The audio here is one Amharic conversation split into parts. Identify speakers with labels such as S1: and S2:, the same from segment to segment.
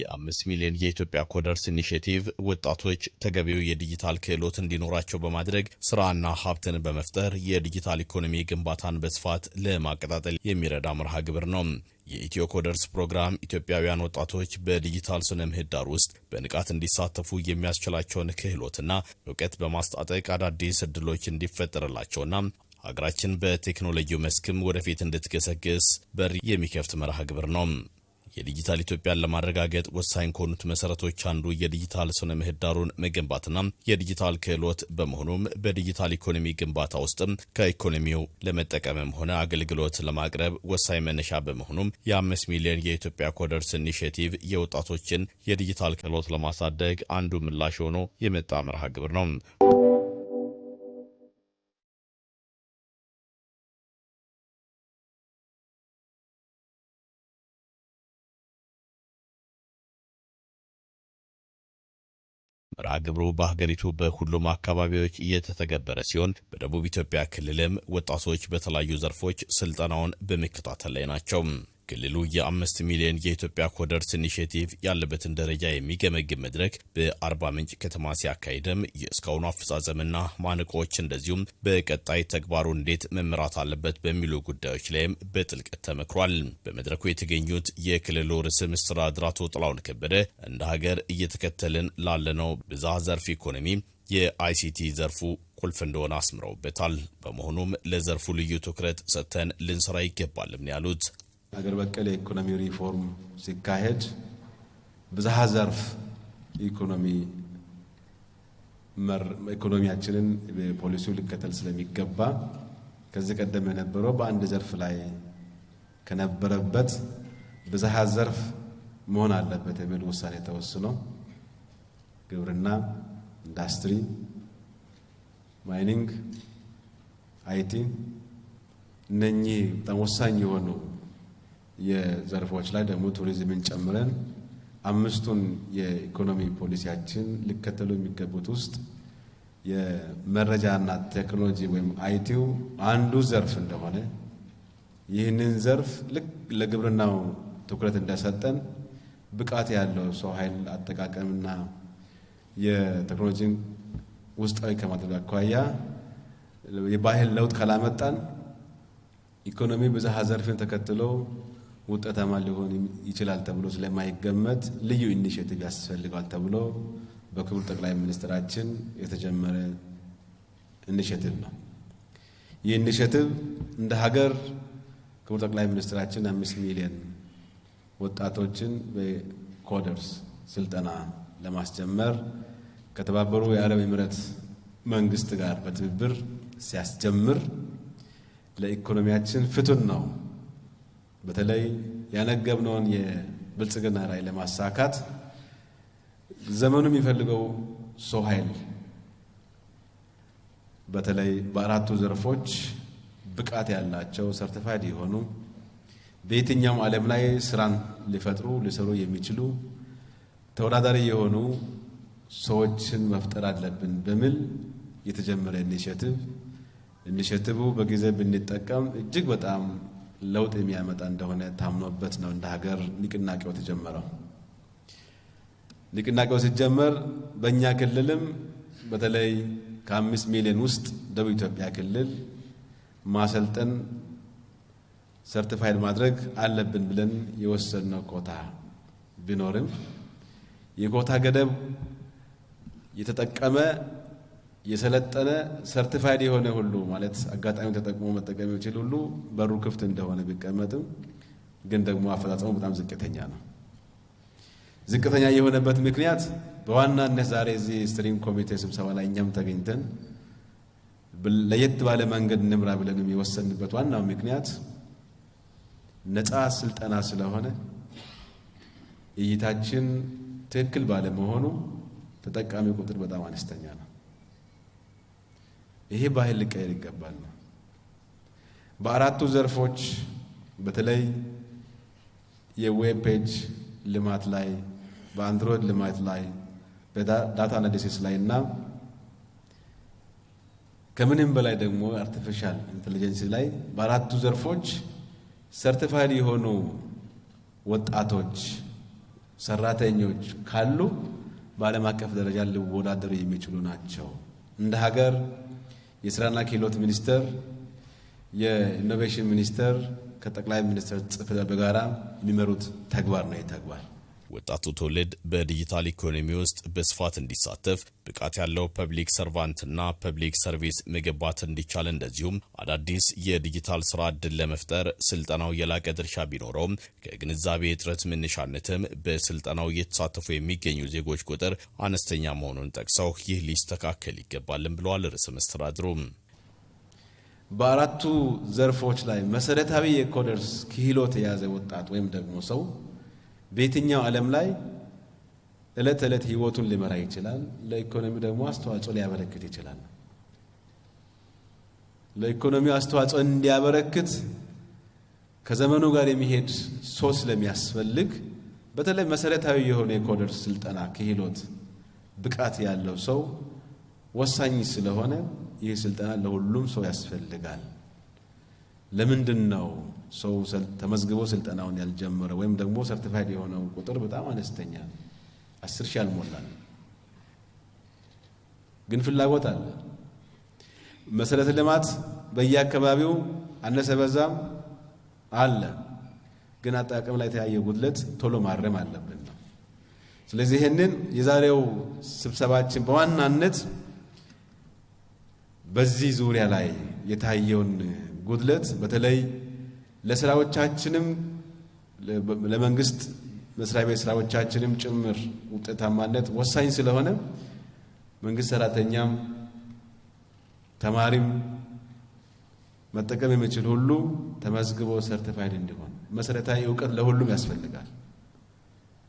S1: የአምስት ሚሊዮን የኢትዮጵያ ኮደርስ ኢኒሽቲቭ ወጣቶች ተገቢው የዲጂታል ክህሎት እንዲኖራቸው በማድረግ ስራና ሀብትን በመፍጠር የዲጂታል ኢኮኖሚ ግንባታን በስፋት ለማቀጣጠል የሚረዳ መርሃ ግብር ነው። የኢትዮ ኮደርስ ፕሮግራም ኢትዮጵያውያን ወጣቶች በዲጂታል ስነ ምህዳር ውስጥ በንቃት እንዲሳተፉ የሚያስችላቸውን ክህሎትና እውቀት በማስታጠቅ አዳዲስ እድሎች እንዲፈጠርላቸውና ሀገራችን በቴክኖሎጂው መስክም ወደፊት እንድትገሰግስ በር የሚከፍት መርሃ ግብር ነው። የዲጂታል ኢትዮጵያን ለማረጋገጥ ወሳኝ ከሆኑት መሰረቶች አንዱ የዲጂታል ስነ ምህዳሩን መገንባትና የዲጂታል ክህሎት በመሆኑም በዲጂታል ኢኮኖሚ ግንባታ ውስጥም ከኢኮኖሚው ለመጠቀምም ሆነ አገልግሎት ለማቅረብ ወሳኝ መነሻ በመሆኑም የአምስት ሚሊዮን የኢትዮጵያ ኮደርስ ኢኒሽቲቭ የወጣቶችን የዲጂታል ክህሎት ለማሳደግ አንዱ ምላሽ ሆኖ የመጣ መርሃ ግብር ነው። መርሃ ግብሩ በሀገሪቱ በሁሉም አካባቢዎች እየተተገበረ ሲሆን በደቡብ ኢትዮጵያ ክልልም ወጣቶች በተለያዩ ዘርፎች ስልጠናውን በመከታተል ላይ ናቸው። ክልሉ የአምስት ሚሊዮን የኢትዮጵያ ኮደርስ ኢኒሽቲቭ ያለበትን ደረጃ የሚገመግም መድረክ በአርባ ምንጭ ከተማ ሲያካሂድም የእስካሁኑ አፈጻጸምና ማነቆዎች እንደዚሁም በቀጣይ ተግባሩ እንዴት መምራት አለበት በሚሉ ጉዳዮች ላይም በጥልቀት ተመክሯል። በመድረኩ የተገኙት የክልሉ ርዕሰ መስተዳድር አቶ ጥላሁን ከበደ እንደ ሀገር እየተከተልን ላለነው ብዝሃ ዘርፍ ኢኮኖሚ የአይሲቲ ዘርፉ ቁልፍ እንደሆነ አስምረውበታል። በመሆኑም ለዘርፉ ልዩ ትኩረት ሰጥተን ልንሰራ ይገባልም ያሉት
S2: ሀገር በቀል የኢኮኖሚ ሪፎርም ሲካሄድ ብዝሃ ዘርፍ ኢኮኖሚ ኢኮኖሚያችንን ፖሊሲው ሊከተል ስለሚገባ ከዚህ ቀደም የነበረው በአንድ ዘርፍ ላይ ከነበረበት ብዝሃ ዘርፍ መሆን አለበት የሚል ውሳኔ ተወስኖ ግብርና፣ ኢንዱስትሪ፣ ማይኒንግ፣ አይቲ እነኚህ በጣም ወሳኝ የሆኑ የዘርፎች ላይ ደግሞ ቱሪዝምን ጨምረን አምስቱን የኢኮኖሚ ፖሊሲያችን ሊከተሉ የሚገቡት ውስጥ የመረጃና ቴክኖሎጂ ወይም አይቲው አንዱ ዘርፍ እንደሆነ ይህንን ዘርፍ ልክ ለግብርናው ትኩረት እንደሰጠን ብቃት ያለው ሰው ኃይል አጠቃቀምና የቴክኖሎጂን ውስጣዊ ከማድረግ አኳያ የባህል ለውጥ ካላመጣን ኢኮኖሚ ብዝሃ ዘርፍን ተከትሎ ውጤታማ ሊሆን ይችላል ተብሎ ስለማይገመት ልዩ ኢኒሽቲቭ ያስፈልገዋል ተብሎ በክቡር ጠቅላይ ሚኒስትራችን የተጀመረ ኢኒሽቲቭ ነው። ይህ ኢኒሽቲቭ እንደ ሀገር ክቡር ጠቅላይ ሚኒስትራችን አምስት ሚሊዮን ወጣቶችን በኮደርስ ስልጠና ለማስጀመር ከተባበሩ የአረብ ኤምረት መንግስት ጋር በትብብር ሲያስጀምር ለኢኮኖሚያችን ፍቱን ነው በተለይ ያነገብነውን የብልጽግና ራዕይ ለማሳካት ዘመኑ የሚፈልገው ሰው ኃይል በተለይ በአራቱ ዘርፎች ብቃት ያላቸው ሰርቲፋይድ የሆኑ በየትኛውም ዓለም ላይ ስራን ሊፈጥሩ ሊሰሩ የሚችሉ ተወዳዳሪ የሆኑ ሰዎችን መፍጠር አለብን በሚል የተጀመረ ኢኒሽቲቭ ኢኒሽቲቭ በጊዜ ብንጠቀም እጅግ በጣም ለውጥ የሚያመጣ እንደሆነ ታምኖበት ነው እንደ ሀገር ንቅናቄው ተጀመረው። ንቅናቄው ሲጀመር በእኛ ክልልም በተለይ ከአምስት ሚሊዮን ውስጥ ደቡብ ኢትዮጵያ ክልል ማሰልጠን ሰርቲፋይድ ማድረግ አለብን ብለን የወሰድነው ኮታ ቢኖርም የኮታ ገደብ የተጠቀመ የሰለጠነ ሰርቲፋይድ የሆነ ሁሉ ማለት አጋጣሚ ተጠቅሞ መጠቀም የሚችል ሁሉ በሩ ክፍት እንደሆነ ቢቀመጥም ግን ደግሞ አፈጻጸሙ በጣም ዝቅተኛ ነው። ዝቅተኛ የሆነበት ምክንያት በዋናነት ዛሬ እዚህ ስትሪንግ ኮሚቴ ስብሰባ ላይ እኛም ተገኝተን ለየት ባለ መንገድ እንምራ ብለን የወሰንበት ዋናው ምክንያት ነፃ ስልጠና ስለሆነ እይታችን ትክክል ባለመሆኑ ተጠቃሚ ቁጥር በጣም አነስተኛ ነው። ይሄ ባህል ሊቀየር ይገባል። በአራቱ ዘርፎች በተለይ የዌብ ፔጅ ልማት ላይ፣ በአንድሮይድ ልማት ላይ፣ በዳታ አናሊሲስ ላይ እና ከምንም በላይ ደግሞ አርቲፊሻል ኢንቴሊጀንስ ላይ በአራቱ ዘርፎች ሰርቲፋይድ የሆኑ ወጣቶች ሰራተኞች ካሉ በዓለም አቀፍ ደረጃ ሊወዳደሩ የሚችሉ ናቸው እንደ ሀገር የስራና ክህሎት ሚኒስቴር፣ የኢኖቬሽን ሚኒስቴር ከጠቅላይ ሚኒስትር ጽሕፈት ቤት የሚመሩት ተግባር ነው። ይህ ተግባር
S1: ወጣቱ ትውልድ በዲጂታል ኢኮኖሚ ውስጥ በስፋት እንዲሳተፍ ብቃት ያለው ፐብሊክ ሰርቫንትና ፐብሊክ ሰርቪስ መገባት እንዲቻል እንደዚሁም አዳዲስ የዲጂታል ስራ እድል ለመፍጠር ስልጠናው የላቀ ድርሻ ቢኖረውም ከግንዛቤ እጥረት መነሻነትም በስልጠናው እየተሳተፉ የሚገኙ ዜጎች ቁጥር አነስተኛ መሆኑን ጠቅሰው ይህ ሊስተካከል ይገባልን ብለዋል ርዕሰ መስተዳድሩ።
S2: በአራቱ ዘርፎች ላይ መሰረታዊ የኮደርስ ክህሎት የያዘ ወጣት ወይም ደግሞ ሰው በየትኛው ዓለም ላይ ዕለት ዕለት ህይወቱን ሊመራ ይችላል። ለኢኮኖሚ ደግሞ አስተዋጽኦ ሊያበረክት ይችላል። ለኢኮኖሚው አስተዋጽኦ እንዲያበረክት ከዘመኑ ጋር የሚሄድ ሰው ስለሚያስፈልግ በተለይ መሰረታዊ የሆነ የኮደር ስልጠና ክህሎት፣ ብቃት ያለው ሰው ወሳኝ ስለሆነ ይህ ስልጠና ለሁሉም ሰው ያስፈልጋል። ለምንድን ነው ሰው ተመዝግቦ ስልጠናውን ያልጀመረ ወይም ደግሞ ሰርቲፋይድ የሆነው ቁጥር በጣም አነስተኛ አስር ሺህ አልሞላል። ግን ፍላጎት አለ። መሰረተ ልማት በየአካባቢው አነሰ በዛም አለ። ግን አጠቃቀም ላይ የተያየ ጉድለት ቶሎ ማረም አለብን ነው። ስለዚህ ይህንን የዛሬው ስብሰባችን በዋናነት በዚህ ዙሪያ ላይ የታየውን ጉድለት በተለይ ለስራዎቻችንም ለመንግስት መስሪያ ቤት ስራዎቻችንም ጭምር ውጤታማነት ወሳኝ ስለሆነ መንግስት ሰራተኛም ተማሪም መጠቀም የሚችል ሁሉ ተመዝግቦ ሰርቲፋይድ እንዲሆን መሰረታዊ እውቀት ለሁሉም ያስፈልጋል።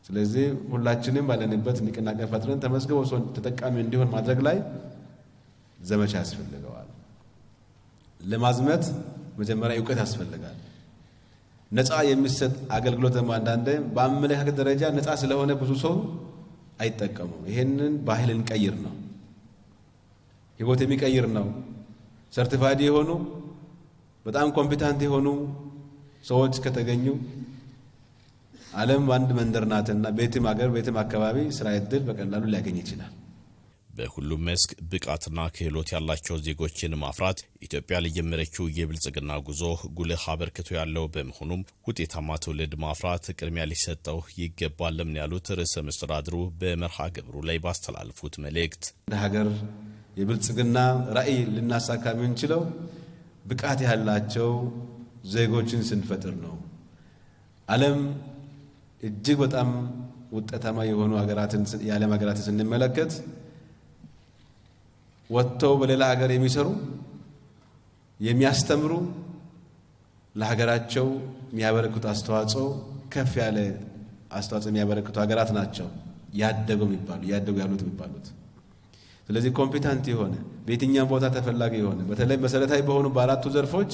S2: ስለዚህ ሁላችንም ባለንበት ንቅናቄ ፈጥረን ተመዝግቦ ሰው ተጠቃሚ እንዲሆን ማድረግ ላይ ዘመቻ ያስፈልገዋል። ለማዝመት መጀመሪያ እውቀት ያስፈልጋል። ነፃ የሚሰጥ አገልግሎት ደግሞ አንዳንዴ በአመለካከት ደረጃ ነፃ ስለሆነ ብዙ ሰው አይጠቀሙም። ይሄንን ባህል እንቀይር ነው፣ ህይወት የሚቀይር ነው። ሰርቲፋይድ የሆኑ በጣም ኮምፒታንት የሆኑ ሰዎች ከተገኙ ዓለም አንድ መንደር ናትና ቤትም አገር ቤትም አካባቢ ስራ እድል በቀላሉ ሊያገኝ ይችላል።
S1: በሁሉም መስክ ብቃትና ክህሎት ያላቸው ዜጎችን ማፍራት ኢትዮጵያ ለጀመረችው የብልጽግና ጉዞ ጉልህ አበርክቶ ያለው በመሆኑም ውጤታማ ትውልድ ማፍራት ቅድሚያ ሊሰጠው ይገባልም ያሉት ርዕሰ መስተዳድሩ በመርሃ ግብሩ ላይ ባስተላለፉት መልእክት
S2: እንደ ሀገር የብልጽግና ራዕይ ልናሳካ የምንችለው ብቃት ያላቸው ዜጎችን ስንፈጥር ነው። ዓለም እጅግ በጣም ውጤታማ የሆኑ የዓለም ሀገራትን ስንመለከት ወጥተው በሌላ ሀገር የሚሰሩ የሚያስተምሩ ለሀገራቸው የሚያበረክቱ አስተዋጽኦ ከፍ ያለ አስተዋጽኦ የሚያበረክቱ ሀገራት ናቸው ያደጉ የሚባሉ ያደጉ ያሉት የሚባሉት። ስለዚህ ኮምፒታንት የሆነ በየትኛም ቦታ ተፈላጊ የሆነ በተለይ መሰረታዊ በሆኑ በአራቱ ዘርፎች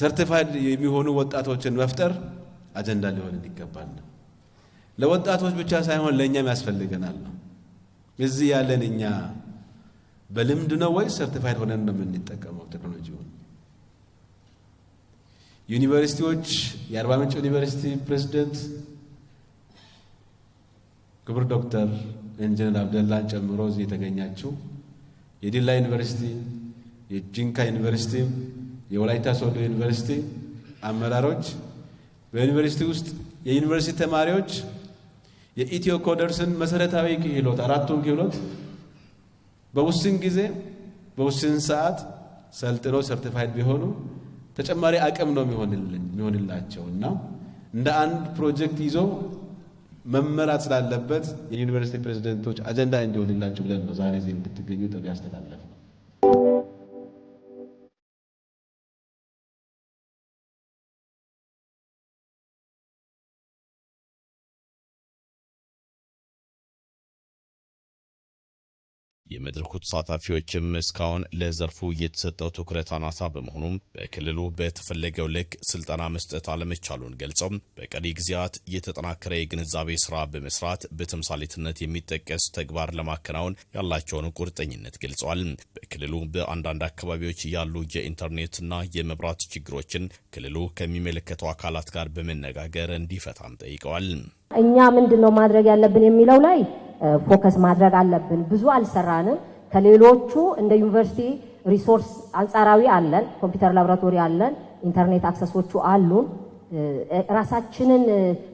S2: ሰርቲፋይድ የሚሆኑ ወጣቶችን መፍጠር አጀንዳ ሊሆን ይገባል። ለወጣቶች ብቻ ሳይሆን ለእኛም ያስፈልገናል ነው እዚህ ያለን እኛ በልምድ ነው ወይስ ሰርቲፋይድ ሆነን ነው የምንጠቀመው ቴክኖሎጂውን? ዩኒቨርሲቲዎች የአርባ ምንጭ ዩኒቨርሲቲ ፕሬዚደንት ክቡር ዶክተር ኢንጂነር አብደላን ጨምሮ እዚህ የተገኛችሁ የዲላ ዩኒቨርሲቲ፣ የጂንካ ዩኒቨርሲቲ፣ የወላይታ ሶዶ ዩኒቨርሲቲ አመራሮች በዩኒቨርሲቲ ውስጥ የዩኒቨርሲቲ ተማሪዎች የኢትዮ ኮደርስን መሰረታዊ ክህሎት አራቱን ክህሎት በውስን ጊዜ በውስን ሰዓት ሰልጥኖ ሰርቲፋይድ ቢሆኑ ተጨማሪ አቅም ነው የሚሆንላቸው እና እንደ አንድ ፕሮጀክት ይዞ መመራት ስላለበት የዩኒቨርሲቲ ፕሬዚደንቶች አጀንዳ እንዲሆንላቸው ብለን ነው ዛሬ እዚህ እንድትገኙ ጥሪ ያስተላለፍ
S1: የመድረኩ ተሳታፊዎችም እስካሁን ለዘርፉ የተሰጠው ትኩረት አናሳ በመሆኑም በክልሉ በተፈለገው ልክ ስልጠና መስጠት አለመቻሉን ገልጸው በቀሪ ጊዜያት የተጠናከረ የግንዛቤ ስራ በመስራት በተምሳሌትነት የሚጠቀስ ተግባር ለማከናወን ያላቸውን ቁርጠኝነት ገልጸዋል። በክልሉ በአንዳንድ አካባቢዎች ያሉ የኢንተርኔትና የመብራት ችግሮችን ክልሉ ከሚመለከተው አካላት ጋር በመነጋገር እንዲፈታም ጠይቀዋል።
S3: እኛ ምንድን ነው ማድረግ ያለብን የሚለው ላይ ፎከስ ማድረግ አለብን። ብዙ አልሰራንም። ከሌሎቹ እንደ ዩኒቨርሲቲ ሪሶርስ አንጻራዊ አለን። ኮምፒውተር ላብራቶሪ አለን። ኢንተርኔት አክሰሶቹ አሉን። ራሳችንን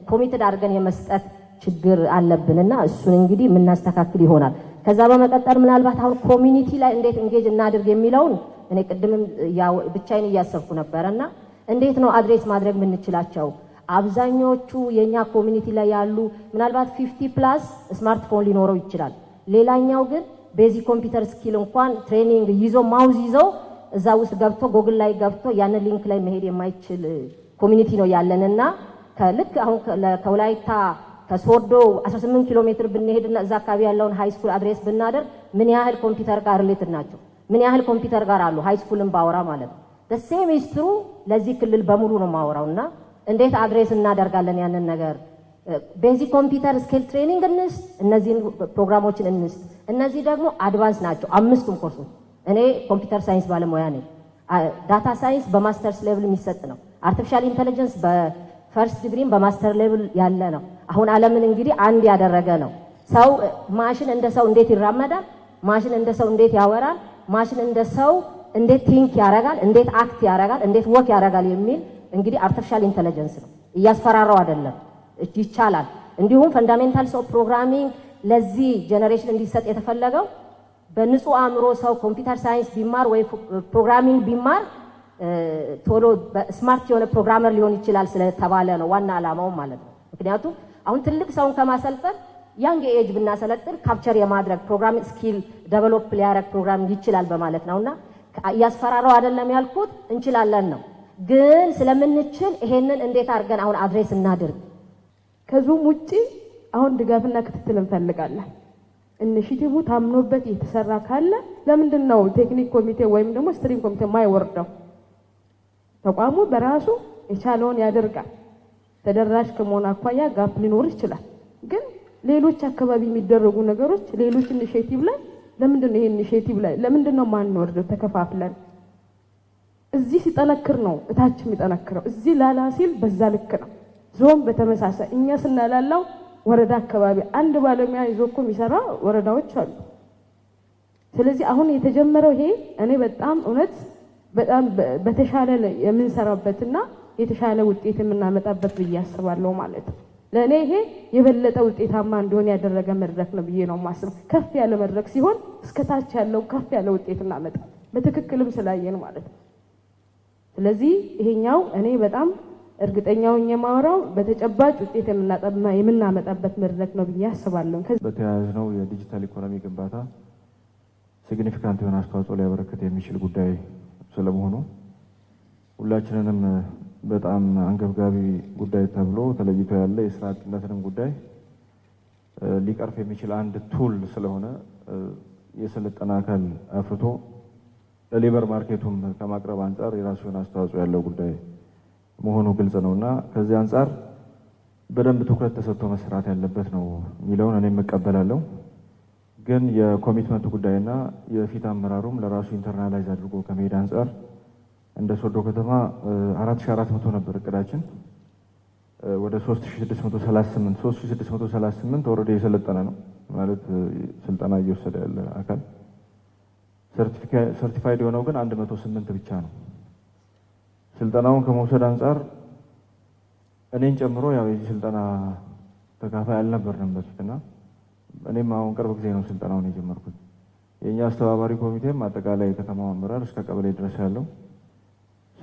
S3: ኮሚትድ አድርገን የመስጠት ችግር አለብን እና እሱን እንግዲህ የምናስተካክል ይሆናል። ከዛ በመቀጠል ምናልባት አሁን ኮሚኒቲ ላይ እንዴት እንጌጅ እናድርግ የሚለውን እኔ ቅድምም ብቻዬን እያሰብኩ ነበረ እና እንዴት ነው አድሬስ ማድረግ የምንችላቸው አብዛኛዎቹ የእኛ ኮሚኒቲ ላይ ያሉ ምናልባት ፊፍቲ ፕላስ ስማርትፎን ሊኖረው ይችላል። ሌላኛው ግን ቤዚክ ኮምፒውተር ስኪል እንኳን ትሬኒንግ ይዞ ማውዝ ይዘው እዛ ውስጥ ገብቶ ጎግል ላይ ገብቶ ያንን ሊንክ ላይ መሄድ የማይችል ኮሚኒቲ ነው ያለንና ከልክ አሁን ከወላይታ ከሶዶ 18 ኪሎ ሜትር ብንሄድና እዛ አካባቢ ያለውን ሃይ ስኩል አድሬስ ብናደርግ ምን ያህል ኮምፒውተር ጋር ሪሌትድ ናቸው? ምን ያህል ኮምፒውተር ጋር አሉ? ሃይ ስኩልን ባወራ ማለት ነው። ደሴም ስትሩ ለዚህ ክልል በሙሉ ነው ማወራው እና እንዴት አድሬስ እናደርጋለን ያንን ነገር ቤዚክ ኮምፒውተር ስኪል ትሬኒንግ እንስጥ፣ እነዚህን ፕሮግራሞችን እንስት እነዚህ ደግሞ አድቫንስ ናቸው አምስቱም ኮርሶች። እኔ ኮምፒውተር ሳይንስ ባለሙያ ነኝ። ዳታ ሳይንስ በማስተርስ ሌቭል የሚሰጥ ነው። አርቲፊሻል ኢንቴሊጀንስ በፈርስት ዲግሪም በማስተር ሌቭል ያለ ነው። አሁን ዓለምን እንግዲህ አንድ ያደረገ ነው። ሰው ማሽን እንደ ሰው እንዴት ይራመዳል? ማሽን እንደ ሰው እንዴት ያወራል? ማሽን እንደ ሰው እንዴት ቲንክ ያረጋል? እንዴት አክት ያረጋል? እንዴት ወክ ያረጋል የሚል እንግዲህ አርቲፊሻል ኢንተለጀንስ ነው፣ እያስፈራራው አይደለም፣ ይቻላል። እንዲሁም ፈንዳሜንታል ሰው ፕሮግራሚንግ ለዚህ ጀኔሬሽን እንዲሰጥ የተፈለገው በንጹህ አእምሮ ሰው ኮምፒውተር ሳይንስ ቢማር ወይ ፕሮግራሚንግ ቢማር ቶሎ ስማርት የሆነ ፕሮግራመር ሊሆን ይችላል ስለተባለ ነው ዋና ዓላማው ማለት ነው። ምክንያቱም አሁን ትልቅ ሰውን ከማሰልጠን ያንግ ኤጅ ብናሰለጥን ካፕቸር የማድረግ ፕሮግራም ስኪል ደቨሎፕ ሊያደረግ ፕሮግራም ይችላል በማለት እና እያስፈራረው አይደለም ያልኩት እንችላለን ነው። ግን ስለምንችል ይሄንን እንዴት አድርገን አሁን አድሬስ እናድርግ። ከዙም ውጪ አሁን ድጋፍና ክትትል እንፈልጋለን። እንሽቲቡ ታምኖበት የተሰራ ካለ ለምንድን ነው ቴክኒክ ኮሚቴ ወይም ደግሞ ስትሪም ኮሚቴ የማይወርደው? ተቋሙ በራሱ የቻለውን ያደርጋል። ተደራሽ ከመሆን አኳያ ጋፕ ሊኖር ይችላል። ግን ሌሎች አካባቢ የሚደረጉ ነገሮች ሌሎች ኢኒሼቲቭ ላይ ለምንድን ነው ይሄ ኢኒሼቲቭ ላይ ለምንድን ነው ማንወርደው ተከፋፍለን እዚህ ሲጠነክር ነው እታች የሚጠነክረው። እዚህ ላላ ሲል በዛ ልክ ነው። ዞን በተመሳሳይ እኛ ስናላላው ወረዳ አካባቢ አንድ ባለሙያ ይዞ እኮ የሚሰራ ወረዳዎች አሉ። ስለዚህ አሁን የተጀመረው ይሄ እኔ በጣም እውነት በጣም በተሻለ የምንሰራበትና የተሻለ ውጤት የምናመጣበት ብዬ አስባለሁ ማለት ነው። ለእኔ ይሄ የበለጠ ውጤታማ እንዲሆን ያደረገ መድረክ ነው ብዬ ነው የማስበው። ከፍ ያለ መድረክ ሲሆን እስከታች ያለው ከፍ ያለ ውጤት እናመጣ። በትክክልም ስላየን ማለት ነው። ስለዚህ ይሄኛው እኔ በጣም እርግጠኛውን የማወራው በተጨባጭ ውጤት የምናመጣበት መድረክ ነው ብዬ አስባለሁ።
S4: በተያያዥ ነው የዲጂታል ኢኮኖሚ ግንባታ ሲግኒፊካንት የሆነ አስተዋጽኦ ሊያበረክት የሚችል ጉዳይ ስለመሆኑ ሁላችንንም በጣም አንገብጋቢ ጉዳይ ተብሎ ተለይቶ ያለ የስራ አጥነትንም ጉዳይ ሊቀርፍ የሚችል አንድ ቱል ስለሆነ የስልጠና አካል አፍርቶ ለሌበር ማርኬቱም ከማቅረብ አንጻር የራሱ የሆነ አስተዋጽኦ ያለው ጉዳይ መሆኑ ግልጽ ነው እና ከዚህ አንጻር በደንብ ትኩረት ተሰጥቶ መስራት ያለበት ነው የሚለውን እኔም እቀበላለሁ። ግን የኮሚትመንቱ ጉዳይና የፊት አመራሩም ለራሱ ኢንተርናላይዝ አድርጎ ከመሄድ አንጻር እንደ ሶዶ ከተማ 4400 ነበር እቅዳችን ወደ 3638 3638 ወረደ የሰለጠነ ነው ማለት ስልጠና እየወሰደ ያለ አካል ሰርቲፋይድ የሆነው ግን አንድ መቶ ስምንት ብቻ ነው። ስልጠናውን ከመውሰድ አንጻር እኔን ጨምሮ ያው የዚህ ስልጠና ተካፋይ አልነበርንም በፊትና እኔም አሁን ቅርብ ጊዜ ነው ስልጠናውን የጀመርኩት። የእኛ አስተባባሪ ኮሚቴም አጠቃላይ የከተማው አመራር እስከ ቀበሌ ድረስ ያለው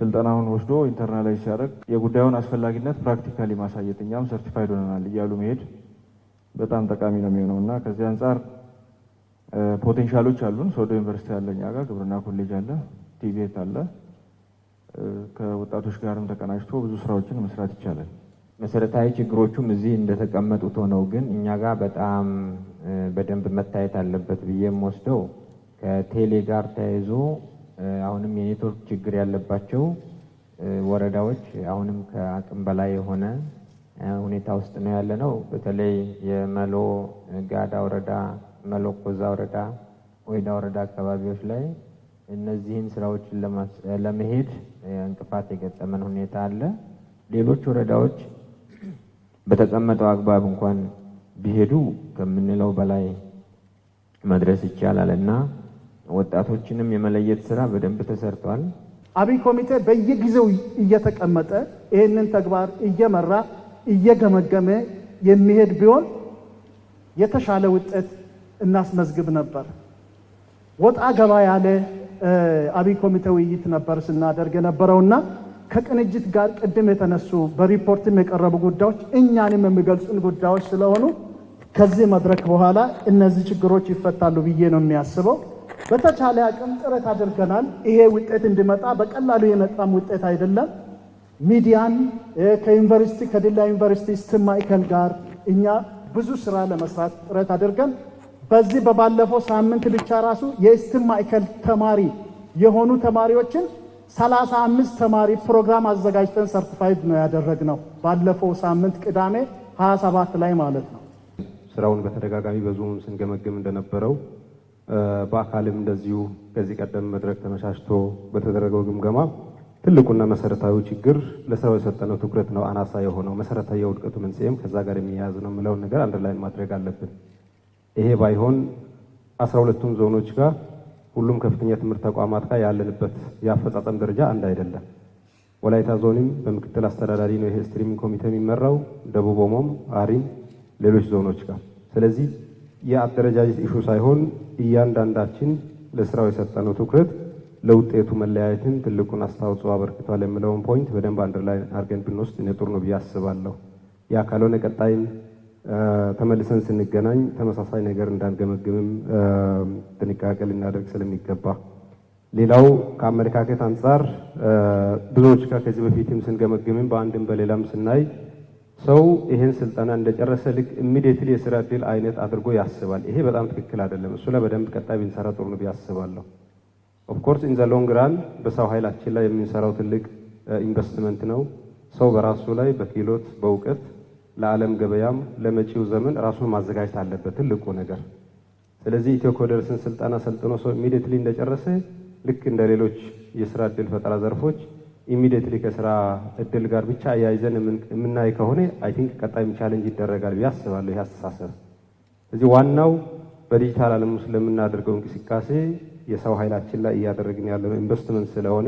S4: ስልጠናውን ወስዶ ኢንተርናላይዝ ሲያደርግ የጉዳዩን አስፈላጊነት ፕራክቲካሊ ማሳየት እኛም ሰርቲፋይድ ሆነናል እያሉ መሄድ በጣም ጠቃሚ ነው የሚሆነው እና ከዚህ አንጻር ፖቴንሻሎች አሉን። ሶዶ ዩኒቨርሲቲ አለ፣ እኛ ጋር ግብርና ኮሌጅ አለ፣ ቲቤት አለ። ከወጣቶች ጋርም ተቀናጅቶ ብዙ ስራዎችን መስራት ይቻላል።
S5: መሰረታዊ ችግሮቹም እዚህ እንደተቀመጡት ሆነው ግን እኛ ጋር በጣም በደንብ መታየት አለበት ብዬ የምወስደው ከቴሌ ጋር ተያይዞ አሁንም የኔትወርክ ችግር ያለባቸው ወረዳዎች አሁንም ከአቅም በላይ የሆነ ሁኔታ ውስጥ ነው ያለ ነው። በተለይ የመሎ ጋዳ ወረዳ መለኮዛ ወረዳ ወይዳ ወረዳ አካባቢዎች ላይ እነዚህን ስራዎችን ለመሄድ እንቅፋት የገጠመን ሁኔታ አለ። ሌሎች ወረዳዎች በተቀመጠው አግባብ እንኳን ቢሄዱ ከምንለው በላይ መድረስ ይቻላል እና ወጣቶችንም የመለየት ስራ በደንብ ተሰርቷል።
S6: አብይ ኮሚቴ በየጊዜው እየተቀመጠ ይህንን ተግባር እየመራ እየገመገመ የሚሄድ ቢሆን የተሻለ ውጤት እናስመዝግብ ነበር። ወጣ ገባ ያለ አብይ ኮሚቴ ውይይት ነበር ስናደርግ የነበረውና ከቅንጅት ጋር ቅድም የተነሱ በሪፖርትም የቀረቡ ጉዳዮች እኛንም የሚገልጹን ጉዳዮች ስለሆኑ ከዚህ መድረክ በኋላ እነዚህ ችግሮች ይፈታሉ ብዬ ነው የሚያስበው። በተቻለ አቅም ጥረት አድርገናል። ይሄ ውጤት እንዲመጣ በቀላሉ የመጣም ውጤት አይደለም። ሚዲያን ከዩኒቨርሲቲ ከዲላ ዩኒቨርሲቲ ስቲም ማዕከል ጋር እኛ ብዙ ስራ ለመስራት ጥረት አድርገን በዚህ በባለፈው ሳምንት ብቻ ራሱ የእስቲም ማዕከል ተማሪ የሆኑ ተማሪዎችን ሰላሳ አምስት ተማሪ ፕሮግራም አዘጋጅተን ሰርቲፋይድ ነው ያደረግነው ባለፈው ሳምንት ቅዳሜ 27 ላይ ማለት ነው።
S4: ስራውን በተደጋጋሚ በዙም ስንገመግም እንደነበረው በአካልም እንደዚሁ ከዚህ ቀደም መድረክ ተመቻችቶ በተደረገው ግምገማ ትልቁና መሰረታዊ ችግር ለስራው የሰጠነው ትኩረት ነው አናሳ የሆነው። መሰረታዊ የውድቀቱ መንስኤም ከዛ ጋር የሚያያዝ ነው የምለውን ነገር አንድ ላይ ማድረግ አለብን። ይሄ ባይሆን አስራ ሁለቱም ዞኖች ጋር ሁሉም ከፍተኛ ትምህርት ተቋማት ጋር ያለንበት የአፈጻጸም ደረጃ አንድ አይደለም። ወላይታ ዞንም በምክትል አስተዳዳሪ ነው ይሄ ስትሪሚንግ ኮሚቴ የሚመራው፣ ደቡብ ኦሞም፣ አሪም፣ ሌሎች ዞኖች ጋር። ስለዚህ የአደረጃጀት ኢሹ ሳይሆን እያንዳንዳችን ለስራው የሰጠነው ትኩረት ለውጤቱ መለያየትን ትልቁን አስተዋጽኦ አበርክቷል የሚለውን ፖይንት በደንብ አንድ ላይ አድርገን ብንወስድ ጥሩ ነው ብዬ አስባለሁ። ያ ካልሆነ ቀጣይም ተመልሰን ስንገናኝ ተመሳሳይ ነገር እንዳንገመግምም ጥንቃቄ ልናደርግ ስለሚገባ፣ ሌላው ከአመለካከት አንጻር ብዙዎች ጋር ከዚህ በፊትም ስንገመግምም በአንድም በሌላም ስናይ ሰው ይህን ስልጠና እንደጨረሰ ልክ ኢሚዲየትሊ የስራ እድል አይነት አድርጎ ያስባል። ይሄ በጣም ትክክል አይደለም። እሱ ላይ በደንብ ቀጣይ ብንሰራ ጥሩ ነው ያስባለሁ። ኦፍኮርስ ኢን ዘ ሎንግ ራን በሰው ኃይላችን ላይ የምንሰራው ትልቅ ኢንቨስትመንት ነው። ሰው በራሱ ላይ በክህሎት በእውቀት ለዓለም ገበያም ለመጪው ዘመን ራሱን ማዘጋጀት አለበት ትልቁ ነገር። ስለዚህ ኢትዮ ኮደርስን ስልጠና ሰልጥኖ ሰው ኢሚዲየትሊ እንደጨረሰ ልክ እንደ ሌሎች የስራ እድል ፈጠራ ዘርፎች ኢሚዲየትሊ ከስራ እድል ጋር ብቻ አያይዘን የምናይ ከሆነ አይ ቲንክ ቀጣይም ቻለንጅ ይደረጋል ብዬ አስባለሁ። ይህ አስተሳሰብ እዚህ ዋናው በዲጂታል ዓለም ውስጥ ለምናደርገው እንቅስቃሴ የሰው ኃይላችን ላይ እያደረግን ያለው ኢንቨስትመንት ስለሆነ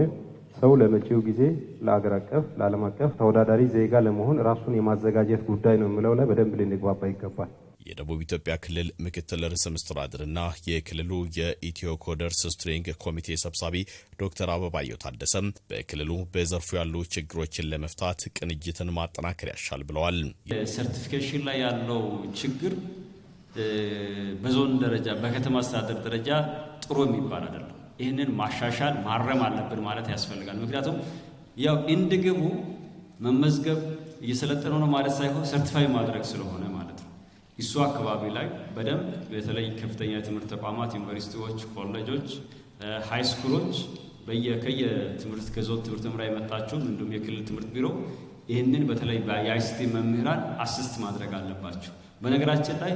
S4: ሰው ለመቼው ጊዜ ለአገር አቀፍ ለዓለም አቀፍ ተወዳዳሪ ዜጋ ለመሆን ራሱን የማዘጋጀት ጉዳይ ነው የምለው ላይ በደንብ ልንግባባ ይገባል።
S1: የደቡብ ኢትዮጵያ ክልል ምክትል ርዕሰ መስተዳድርና የክልሉ የኢትዮ ኮደር ስትሪንግ ኮሚቴ ሰብሳቢ ዶክተር አበባየው ታደሰም በክልሉ በዘርፉ ያሉ ችግሮችን ለመፍታት ቅንጅትን ማጠናከር ያሻል ብለዋል።
S7: የሰርቲፊኬሽን ላይ ያለው ችግር በዞን ደረጃ በከተማ አስተዳደር ደረጃ ጥሩ የሚባል አይደለም። ይህንን ማሻሻል ማረም አለብን ማለት ያስፈልጋል። ምክንያቱም ያው እንድግቡ መመዝገብ እየሰለጠነ ነው ማለት ሳይሆን ሰርቲፋይ ማድረግ ስለሆነ ማለት ነው። እሱ አካባቢ ላይ በደንብ በተለይ ከፍተኛ የትምህርት ተቋማት፣ ዩኒቨርሲቲዎች፣ ኮሌጆች፣ ሃይ ስኩሎች ከየትምህርት ከዞን ትምህርት መምሪያ የመጣችሁም እንዲሁም የክልል ትምህርት ቢሮ ይህንን በተለይ የአይሲቲ መምህራን አስስት ማድረግ አለባቸው። በነገራችን ላይ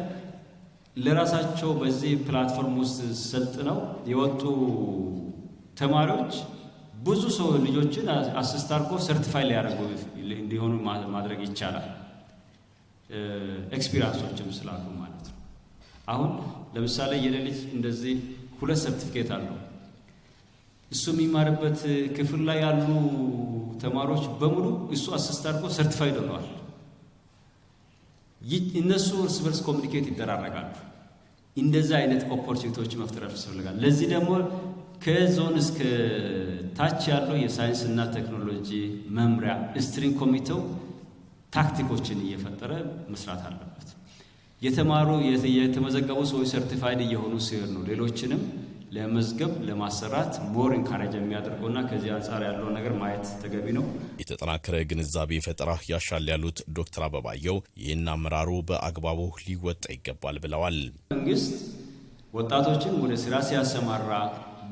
S7: ለራሳቸው በዚህ ፕላትፎርም ውስጥ ሰልጥነው የወጡ ተማሪዎች ብዙ ሰው ልጆችን አስስት አርጎ ሰርቲፋይ ሊያደርጉ እንዲሆኑ ማድረግ ይቻላል። ኤክስፒሪንሶችም ስላሉ ማለት ነው። አሁን ለምሳሌ የኔ ልጅ እንደዚህ ሁለት ሰርቲፊኬት አለው። እሱ የሚማርበት ክፍል ላይ ያሉ ተማሪዎች በሙሉ እሱ አስስት አርጎ ሰርቲፋይ ሆነዋል። እነሱ እርስ በርስ ኮሚኒኬት ይደራረጋሉ። እንደዛ አይነት ኦፖርቹኒቲዎች መፍጠር ያስፈልጋል። ለዚህ ደግሞ ከዞን እስከ ታች ያለው የሳይንስና ቴክኖሎጂ መምሪያ ስትሪንግ ኮሚቴው ታክቲኮችን እየፈጠረ መስራት አለበት። የተማሩ የተመዘገቡ ሰዎች ሰርቲፋይድ እየሆኑ ሲሆን ነው ሌሎችንም ለመዝገብ ለማሰራት ሞር ኢንካሬጅ ና ከዚህ አንጻር ያለው ነገር ማየት ተገቢ ነው።
S1: የተጠናከረ ግንዛቤ ፈጠራ ያሻል ያሉት ዶክተር አበባየው ይህን አመራሩ በአግባቡ ሊወጣ ይገባል ብለዋል።
S7: መንግስት ወጣቶችን ወደ ስራ ሲያሰማራ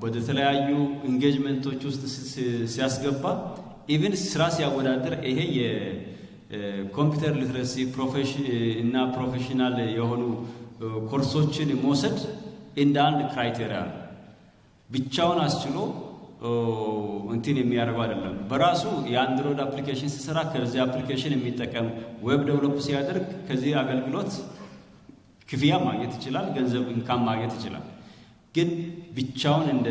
S7: ወደ ተለያዩ ኢንጌጅመንቶች ውስጥ ሲያስገባ ኢቭን ስራ ሲያወዳደር ይሄ የኮምፒውተር ሊትረሲ እና ፕሮፌሽናል የሆኑ ኮርሶችን መውሰድ እንደ አንድ ክራይቴሪያ ነው። ብቻውን አስችሎ እንትን የሚያደርገው አይደለም። በራሱ የአንድሮይድ አፕሊኬሽን ሲሰራ ከዚህ አፕሊኬሽን የሚጠቀም ዌብ ደብሎፕ ሲያደርግ ከዚህ አገልግሎት ክፍያ ማግኘት ይችላል፣ ገንዘብ እንካም ማግኘት ይችላል። ግን ብቻውን እንደ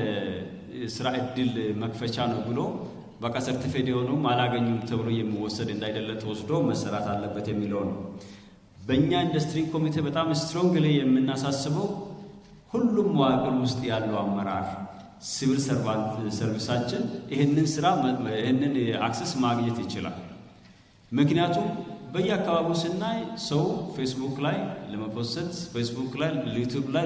S7: ስራ እድል መክፈቻ ነው ብሎ በቃ ሰርቲፌድ የሆኑም አላገኙም ተብሎ የሚወሰድ እንዳይደለ ተወስዶ መሰራት አለበት የሚለው ነው። በእኛ ኢንዱስትሪ ኮሚቴ በጣም ስትሮንግ ላይ የምናሳስበው ሁሉም መዋቅር ውስጥ ያለው አመራር ሲቪል ሰርቪሳችን ይህንን ስራ ይህንን አክሰስ ማግኘት ይችላል። ምክንያቱም በየአካባቢው ስናይ ሰው ፌስቡክ ላይ ለመፖሰት ፌስቡክ ላይ ዩቱብ ላይ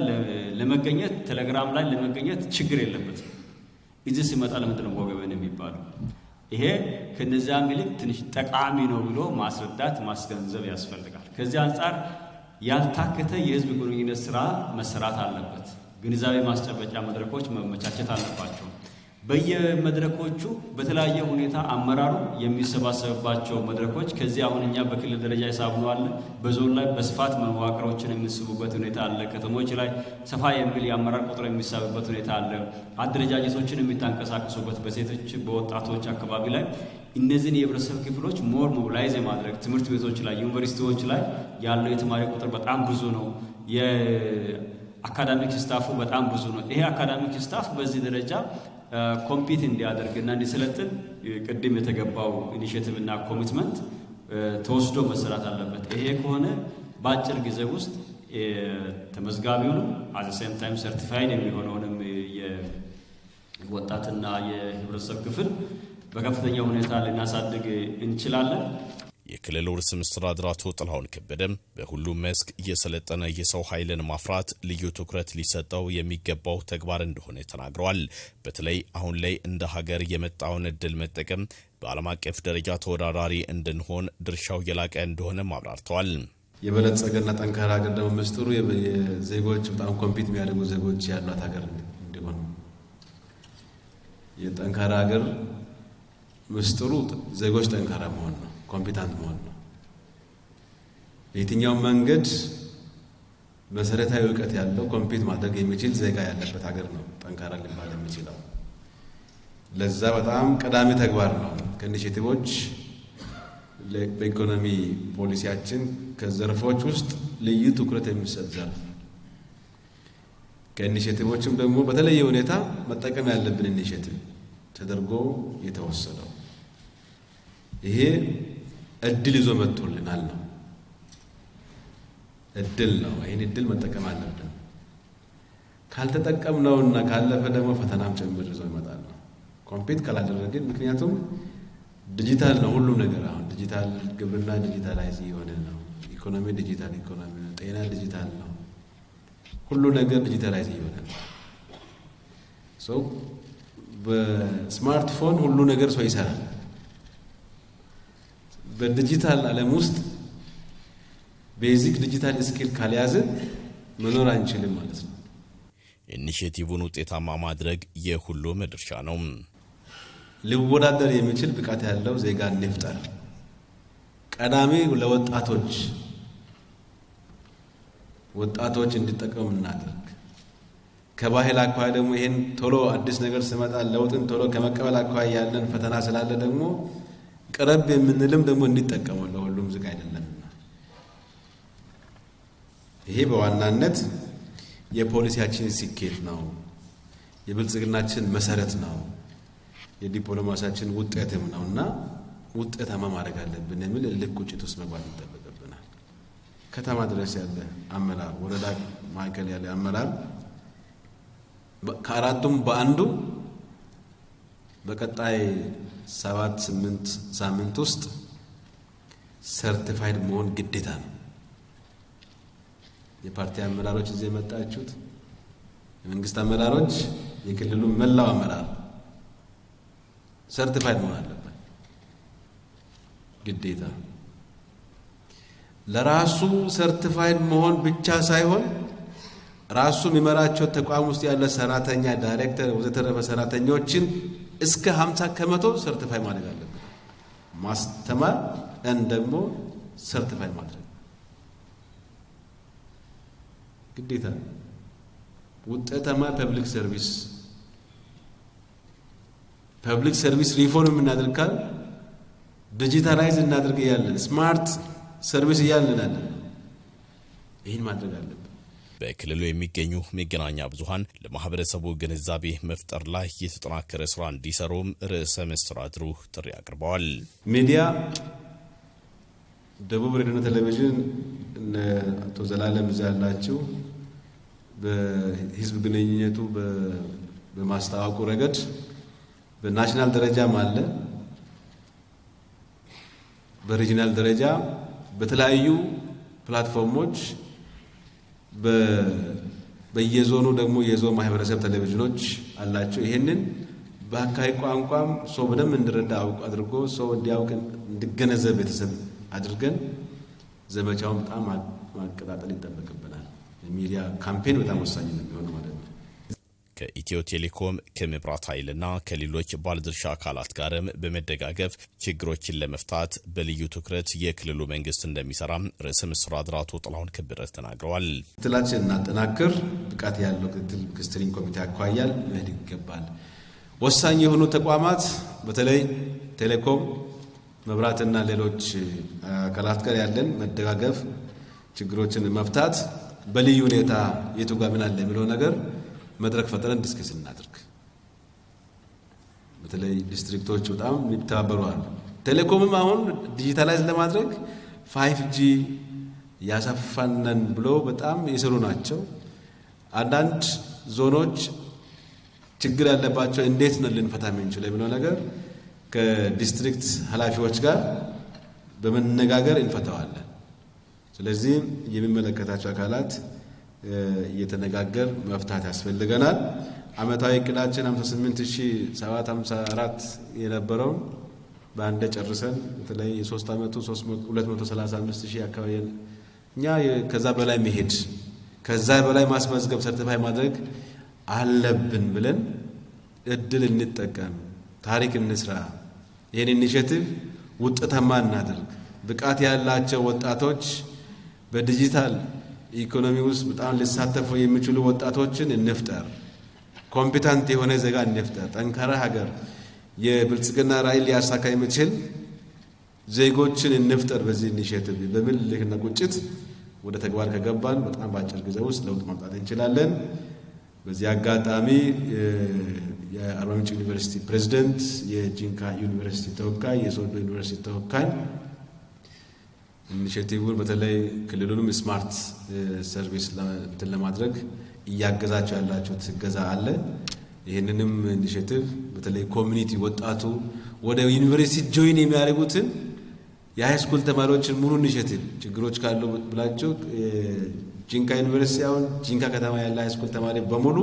S7: ለመገኘት ቴሌግራም ላይ ለመገኘት ችግር የለበትም። እዚህ ሲመጣ ለምንድን ነው ወገበን የሚባለው? ይሄ ከነዚያም ይልቅ ትንሽ ጠቃሚ ነው ብሎ ማስረዳት ማስገንዘብ ያስፈልጋል። ከዚህ አንጻር ያልታከተ የህዝብ ግንኙነት ስራ መሰራት አለበት። ግንዛቤ ማስጨበጫ መድረኮች መመቻቸት አለባቸው። በየመድረኮቹ በተለያየ ሁኔታ አመራሩ የሚሰባሰብባቸው መድረኮች ከዚህ አሁን እኛ በክልል ደረጃ የሳብነው አለ። በዞን ላይ በስፋት መዋቅሮችን የሚስቡበት ሁኔታ አለ። ከተሞች ላይ ሰፋ የሚል የአመራር ቁጥር የሚሳብበት ሁኔታ አለ። አደረጃጀቶችን የሚታንቀሳቀሱበት በሴቶች በወጣቶች አካባቢ ላይ እነዚህን የህብረተሰብ ክፍሎች ሞር ሞብላይዝ የማድረግ ትምህርት ቤቶች ላይ ዩኒቨርሲቲዎች ላይ ያለው የተማሪ ቁጥር በጣም ብዙ ነው። አካዳሚክ ስታፉ በጣም ብዙ ነው። ይሄ አካዳሚክ ስታፍ በዚህ ደረጃ ኮምፒት እንዲያደርግና እንዲሰለጥን ቅድም የተገባው ኢኒሽቲቭ እና ኮሚትመንት ተወስዶ መሰራት አለበት። ይሄ ከሆነ በአጭር ጊዜ ውስጥ ተመዝጋቢውንም አዘ ሴም ታይም ሰርቲፋይድ የሚሆነውንም የወጣትና የህብረተሰብ ክፍል በከፍተኛ ሁኔታ ልናሳድግ እንችላለን።
S1: የክልሉ ርዕሰ መስተዳድር አቶ ጥላሁን ከበደም በሁሉም መስክ እየሰለጠነ የሰው ኃይልን ማፍራት ልዩ ትኩረት ሊሰጠው የሚገባው ተግባር እንደሆነ ተናግረዋል። በተለይ አሁን ላይ እንደ ሀገር የመጣውን እድል መጠቀም በዓለም አቀፍ ደረጃ ተወዳዳሪ እንድንሆን ድርሻው የላቀ እንደሆነም አብራርተዋል።
S2: የበለጸገና ጠንካራ ሀገር ደግሞ ምስጢሩ ዜጎች በጣም ኮምፒት የሚያደርጉ ዜጎች ያሏት ሀገር እንዲሆን የጠንካራ ሀገር ምስጢሩ ዜጎች ጠንካራ መሆን ነው። ኮምፒታንት መሆን ነው። የትኛውም መንገድ መሰረታዊ እውቀት ያለው ኮምፒት ማድረግ የሚችል ዜጋ ያለበት ሀገር ነው ጠንካራ ሊባል የሚችለው። ለዛ በጣም ቀዳሚ ተግባር ነው። ከኢኒሼቲቮች በኢኮኖሚ ፖሊሲያችን ከዘርፎች ውስጥ ልዩ ትኩረት የሚሰጥ ዘርፍ ከኢኒሼቲቮችም ደግሞ በተለየ ሁኔታ መጠቀም ያለብን ኢኒሼቲቭ ተደርጎ የተወሰደው ይሄ እድል ይዞ መጥቶልናል ነው። እድል ነው። ይህን እድል መጠቀም አለብን። እና ካለፈ ደግሞ ፈተናም ጭምር ይዞ ይመጣል ነው። ኮምፒት ካላደረግን ምክንያቱም ዲጂታል ነው ሁሉም ነገር አሁን ዲጂታል ግብርና ዲጂታላይዝ የሆነ ነው። ኢኮኖሚ ዲጂታል ኢኮኖሚ ነው። ጤና ዲጂታል ነው። ሁሉ ነገር ዲጂታላይዝ የሆነ ነው። በስማርትፎን ሁሉ ነገር ሰው ይሰራል። በዲጂታል ዓለም ውስጥ ቤዚክ ዲጂታል ስኪል ካልያዝ መኖር አንችልም ማለት ነው።
S1: ኢኒሽቲቭን ውጤታማ ማድረግ የሁሉም ድርሻ ነው።
S2: ሊወዳደር የሚችል ብቃት ያለው ዜጋ እንፍጠር። ቀዳሚ ለወጣቶች ወጣቶች እንዲጠቀሙ እናደርግ። ከባህል አኳያ ደግሞ ይህን ቶሎ አዲስ ነገር ስመጣ ለውጥን ቶሎ ከመቀበል አኳያ ያለን ፈተና ስላለ ደግሞ ቅረብ የምንልም ደግሞ እንዲጠቀመው ለሁሉም ዝግ አይደለም። ይሄ በዋናነት የፖሊሲያችን ስኬት ነው፣ የብልጽግናችን መሰረት ነው፣ የዲፕሎማሲያችን ውጤትም ነው እና ውጤታማ ማድረግ አለብን የሚል ልክ ቁጭት ውስጥ መግባት ይጠበቅብናል። ከተማ ድረስ ያለ አመራር፣ ወረዳ ማዕከል ያለ አመራር ከአራቱም በአንዱ በቀጣይ ሰባት ስምንት ሳምንት ውስጥ ሰርቲፋይድ መሆን ግዴታ ነው። የፓርቲ አመራሮች እዚህ የመጣችሁት የመንግስት አመራሮች፣ የክልሉ መላው አመራር ሰርቲፋይድ መሆን አለበት ግዴታ። ለራሱ ሰርቲፋይድ መሆን ብቻ ሳይሆን ራሱ የሚመራቸው ተቋም ውስጥ ያለ ሰራተኛ ዳይሬክተር፣ ወዘተረፈ ሰራተኞችን እስከ 50 ከመቶ ሰርቲፋይ ማድረግ አለብን። ማስተማር እን ደግሞ ሰርቲፋይ ማድረግ ግዴታ ነው። ውጤታማ ፐብሊክ ሰርቪስ ፐብሊክ ሰርቪስ ሪፎርም እናደርጋል። ዲጂታላይዝ እናድርግ እያለን ስማርት ሰርቪስ እያልን አለን። ይህን ማድረግ አለብን።
S1: በክልሉ የሚገኙ መገናኛ ብዙሀን ለማህበረሰቡ ግንዛቤ መፍጠር ላይ የተጠናከረ ስራ እንዲሰሩም ርዕሰ መስተዳድሩ ጥሪ አቅርበዋል።
S2: ሚዲያ ደቡብ ሬዲዮና ቴሌቪዥን አቶ ዘላለም እዛ ያላችሁ በህዝብ ግንኙነቱ በማስታወቁ ረገድ በናሽናል ደረጃም አለ፣ በሪጂናል ደረጃ በተለያዩ ፕላትፎርሞች በየዞኑ ደግሞ የዞን ማህበረሰብ ቴሌቪዥኖች አላቸው። ይህንን በአካባቢ ቋንቋም ሰው በደንብ እንዲረዳ አድርጎ ሰው እንዲያውቅ እንዲገነዘብ ቤተሰብ አድርገን ዘመቻውን በጣም ማቀጣጠል ይጠበቅብናል። የሚዲያ ካምፔን በጣም ወሳኝ ነው የሚሆነው ማለት
S1: ከኢትዮ ቴሌኮም ከመብራት ኃይልና ከሌሎች ባለድርሻ አካላት ጋርም በመደጋገፍ ችግሮችን ለመፍታት በልዩ ትኩረት የክልሉ መንግስት እንደሚሰራ ርዕሰ መስተዳድር አቶ ጥላሁን ክብረት ተናግረዋል።
S2: ክትትላችን እናጠናክር። ብቃት ያለው ክትትል ስትሪንግ ኮሚቴ አኳያል መሄድ ይገባል። ወሳኝ የሆኑ ተቋማት በተለይ ቴሌኮም፣ መብራትና ሌሎች አካላት ጋር ያለን መደጋገፍ ችግሮችን መፍታት በልዩ ሁኔታ የቱ ጋር ምን አለ የሚለው ነገር መድረክ ፈጥረን ዲስከስ እናድርግ። በተለይ ዲስትሪክቶች በጣም የሚተባበሩ አሉ። ቴሌኮምም አሁን ዲጂታላይዝ ለማድረግ ፋይፍ ጂ ያሰፋነን ብሎ በጣም የሰሩ ናቸው። አንዳንድ ዞኖች ችግር ያለባቸው እንዴት ነው ልንፈታ የምንችለ የሚለው ነገር ከዲስትሪክት ኃላፊዎች ጋር በመነጋገር እንፈታዋለን። ስለዚህ የሚመለከታቸው አካላት እየተነጋገር መፍታት ያስፈልገናል። አመታዊ እቅዳችን 58754 የነበረውን በአንደ ጨርሰን በተለይ የሶስት አመቱ 235 ሺህ አካባቢ እኛ ከዛ በላይ መሄድ ከዛ በላይ ማስመዝገብ ሰርቲፋይ ማድረግ አለብን ብለን እድል እንጠቀም፣ ታሪክ እንስራ፣ ይህን ኢኒሽቲቭ ውጤታማ እናድርግ። ብቃት ያላቸው ወጣቶች በዲጂታል ኢኮኖሚ ውስጥ በጣም ሊሳተፉ የሚችሉ ወጣቶችን እንፍጠር። ኮምፒታንት የሆነ ዜጋ እንፍጠር። ጠንካራ ሀገር፣ የብልጽግና ራዕይ ሊያሳካ የሚችል ዜጎችን እንፍጠር። በዚህ ኢኒሽቲቭ በሚል ልህና ቁጭት ወደ ተግባር ከገባን በጣም በአጭር ጊዜ ውስጥ ለውጥ ማምጣት እንችላለን። በዚህ አጋጣሚ የአርባ ምንጭ ዩኒቨርሲቲ ፕሬዚደንት፣ የጂንካ ዩኒቨርሲቲ ተወካይ፣ የሶዶ ዩኒቨርሲቲ ተወካይ ኢኒሽቲቭ በተለይ ክልሉንም ስማርት ሰርቪስ እንትን ለማድረግ እያገዛቸው ያላችሁት እገዛ አለ። ይህንንም ኢኒሽቲቭ በተለይ ኮሚኒቲ ወጣቱ ወደ ዩኒቨርሲቲ ጆይን የሚያደርጉትን የሃይስኩል ተማሪዎችን ሙሉ ኢኒሽቲቭ ችግሮች ካሉ ብላችሁ ጂንካ ዩኒቨርሲቲ አሁን ጂንካ ከተማ ያለ ሃይስኩል ተማሪ በሙሉ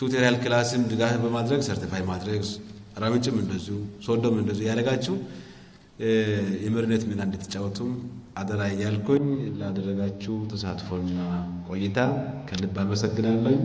S2: ቱቶሪያል ክላስም ድጋፍ በማድረግ ሰርቲፋይ ማድረግ አራምጭም እንደዚሁ ሶዶም እንደዚሁ ያደረጋችሁ የመሪነት ሚና እንድትጫወቱም አደራ እያልኩኝ ላደረጋችሁ ተሳትፎና ቆይታ ከልብ አመሰግናለሁ።